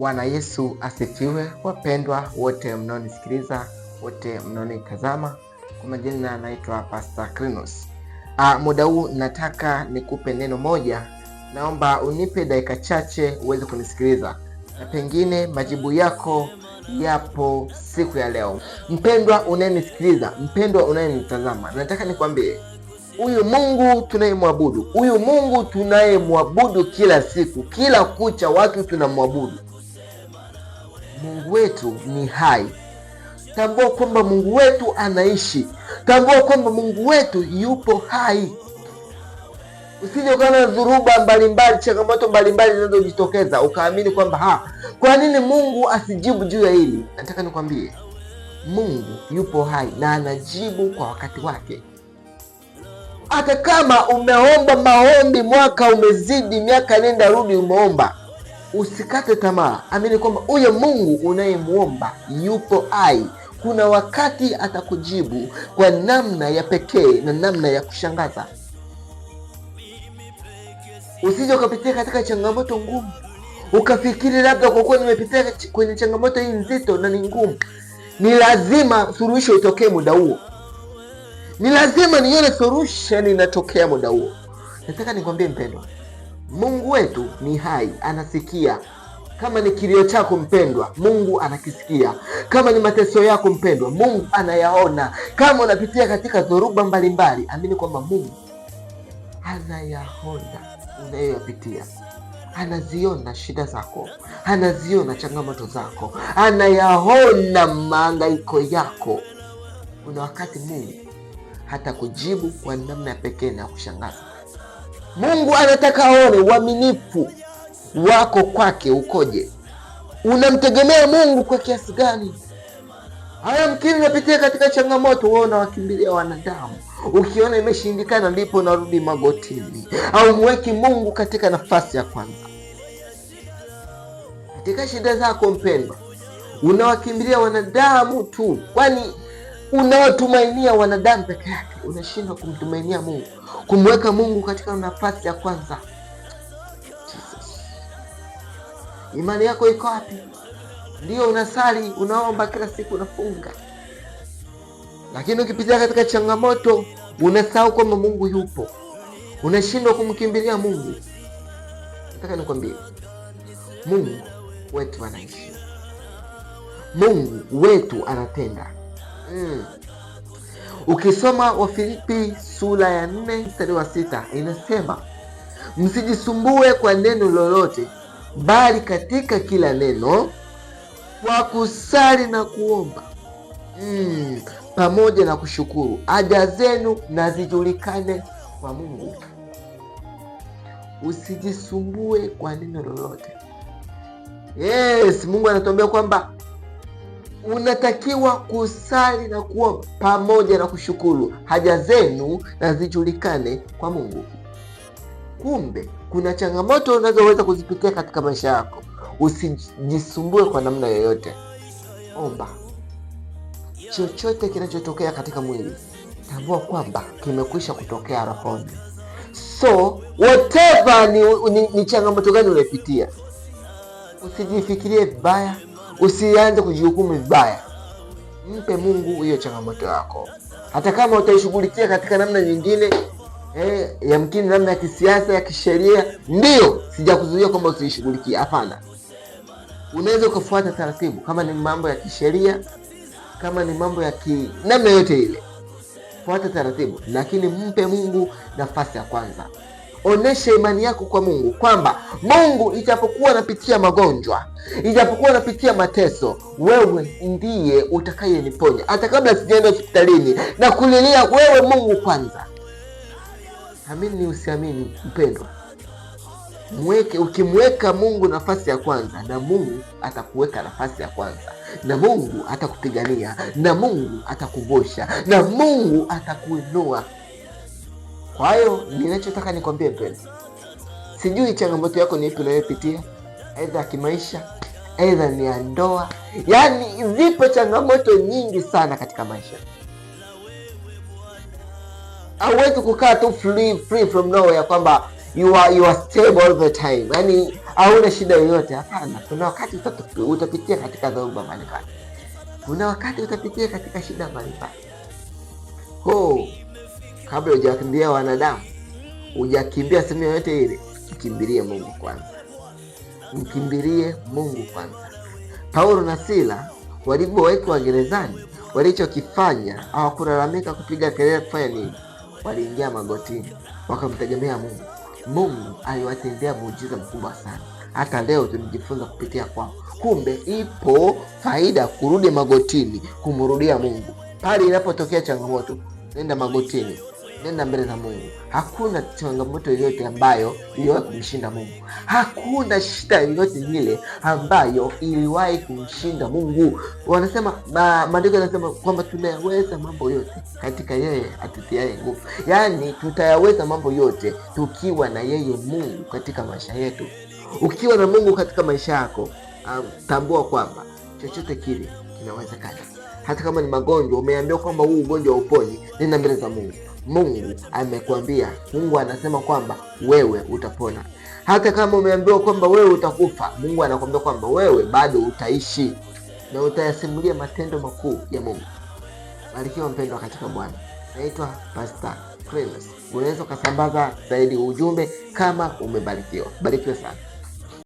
Bwana Yesu asifiwe, wapendwa wote mnaonisikiliza, wote mnaonitazama Kwa majina naitwa Pastor Clinus. Ah, muda huu nataka nikupe neno moja, naomba unipe dakika chache uweze kunisikiliza na pengine majibu yako yapo siku ya leo. Mpendwa unayenisikiliza, mpendwa unayenitazama, nataka nikwambie huyu Mungu tunayemwabudu, huyu Mungu tunayemwabudu kila siku, kila kucha, watu tunamwabudu Mungu wetu ni hai. Tambua kwamba Mungu wetu anaishi. Tambua kwamba Mungu wetu yupo hai. Usije ukaona dhuruba mbalimbali, changamoto mbalimbali zinazojitokeza ukaamini kwamba ha, kwa nini Mungu asijibu juu ya hili? Nataka nikwambie Mungu yupo hai na anajibu kwa wakati wake. Hata kama umeomba maombi, mwaka umezidi, miaka nenda rudi, umeomba Usikate tamaa, amini kwamba huyo Mungu unayemwomba yupo hai. Kuna wakati atakujibu kwa namna ya pekee na namna ya kushangaza. Usije ukapitia katika changamoto ngumu ukafikiri labda kwa kuwa nimepitia kwenye changamoto hii nzito na ni ngumu, ni lazima suluhisho itokee muda huo, ni lazima nione suluhisho inatokea muda huo. Nataka nikwambie mpendwa Mungu wetu ni hai, anasikia kama ni kilio chako mpendwa, Mungu anakisikia. Kama ni mateso yako mpendwa, Mungu anayaona. Kama unapitia katika dhoruba mbalimbali, amini kwamba Mungu anayaona unayoyapitia, anaziona shida zako, anaziona changamoto zako, anayaona maangaiko yako. Kuna wakati Mungu hata kujibu kwa namna ya pekee na ya kushangaza Mungu anataka aone uaminifu wako kwake ukoje, unamtegemea Mungu kwa kiasi gani? Haya, mkini unapitia katika changamoto, wewe unawakimbilia wanadamu, ukiona imeshindikana ndipo unarudi magotini, au mweki Mungu katika nafasi ya kwanza katika shida zako. Mpendwa, unawakimbilia wanadamu tu, kwani unaotumainia wanadamu peke yake, unashindwa kumtumainia Mungu, kumweka Mungu katika nafasi ya kwanza. Jesus. Imani yako iko wapi? Ndio unasali, unaomba kila siku, unafunga, lakini ukipitia katika changamoto unasahau kwamba Mungu yupo, unashindwa kumkimbilia Mungu. Nataka nikwambie, Mungu wetu anaishi, Mungu wetu anatenda mm. Ukisoma Wafilipi sura ya nne mstari wa sita inasema msijisumbue kwa neno lolote, bali katika kila neno kwa kusali na kuomba mm, pamoja na kushukuru, haja zenu na zijulikane kwa Mungu. Usijisumbue kwa neno lolote. Yes, Mungu anatuambia kwamba unatakiwa kusali na kuwa pamoja na kushukuru haja zenu na zijulikane kwa Mungu. Kumbe kuna changamoto unazoweza kuzipitia katika maisha yako, usijisumbue kwa namna yoyote. Omba chochote kinachotokea katika mwili, tambua kwamba kimekwisha kutokea rohoni. So whatever ni, ni, ni changamoto gani unaipitia, usijifikirie vibaya Usianze kujihukumu vibaya, mpe Mungu hiyo changamoto yako, hata kama utaishughulikia katika namna nyingine eh, yamkini namna ya kisiasa ya kisheria. Ndio, sijakuzuia kwamba usiishughulikie, hapana. Unaweza ukafuata taratibu, kama ni mambo ya kisheria, kama ni mambo ya ki namna yote ile, fuata taratibu, lakini mpe Mungu nafasi ya kwanza onyesha imani yako kwa Mungu kwamba Mungu, ijapokuwa napitia magonjwa, ijapokuwa napitia mateso, wewe ndiye utakayeniponya. Hata kabla sijaenda hospitalini na kulilia wewe Mungu kwanza. Amini ni usiamini, mpendwa, mweke ukimweka Mungu nafasi ya kwanza, na Mungu atakuweka nafasi ya kwanza, na Mungu atakupigania, na Mungu atakuvosha na Mungu atakuinua. Kwa hiyo ninachotaka nikwambie mpenzi, sijui changamoto yako ni ipi unayopitia, aidha ya kimaisha, aidha ni ya ndoa, yaani zipo changamoto nyingi sana katika maisha. Hauwezi kukaa tu free, free from nowhere kwamba you are, you are stable all the time, yaani hauna shida yoyote. Hapana, kuna wakati utapitia katika dhoruba mbalimbali, kuna wakati utapitia katika shida mbalimbali kabla hujakimbia wanadamu, hujakimbia sehemu yoyote ile, mkimbilie Mungu kwanza, mkimbilie Mungu kwanza. Paulo na Sila walipowekwa gerezani, walichokifanya hawakulalamika, kupiga kelele, kufanya nini? Waliingia magotini, wakamtegemea Mungu. Mungu aliwatendea muujiza mkubwa sana, hata leo tunajifunza kupitia kwao. Kumbe ipo faida kurudi magotini, kumrudia Mungu pale inapotokea changamoto, nenda magotini nenda mbele za Mungu. Hakuna changamoto yoyote ambayo iliwahi kumshinda Mungu, hakuna shida yoyote ile ambayo iliwahi kumshinda Mungu. Wanasema maandiko yanasema kwamba tunayaweza mambo yote katika yeye atutiaye nguvu, yaani tutayaweza mambo yote tukiwa na yeye Mungu katika maisha yetu. Ukiwa na Mungu katika maisha yako, um, tambua kwamba chochote kile kinawezekana hata kama ni magonjwa, umeambiwa kwamba huu ugonjwa uponi, nenda mbele za Mungu. Mungu amekwambia, Mungu anasema kwamba wewe utapona. Hata kama umeambiwa kwamba wewe utakufa, Mungu anakwambia kwamba wewe bado utaishi na utayasimulia matendo makuu ya Mungu. Barikiwa mpendwa katika Bwana. Naitwa Pastor Clenas. Unaweza ukasambaza zaidi ujumbe kama umebarikiwa. Barikiwa sana.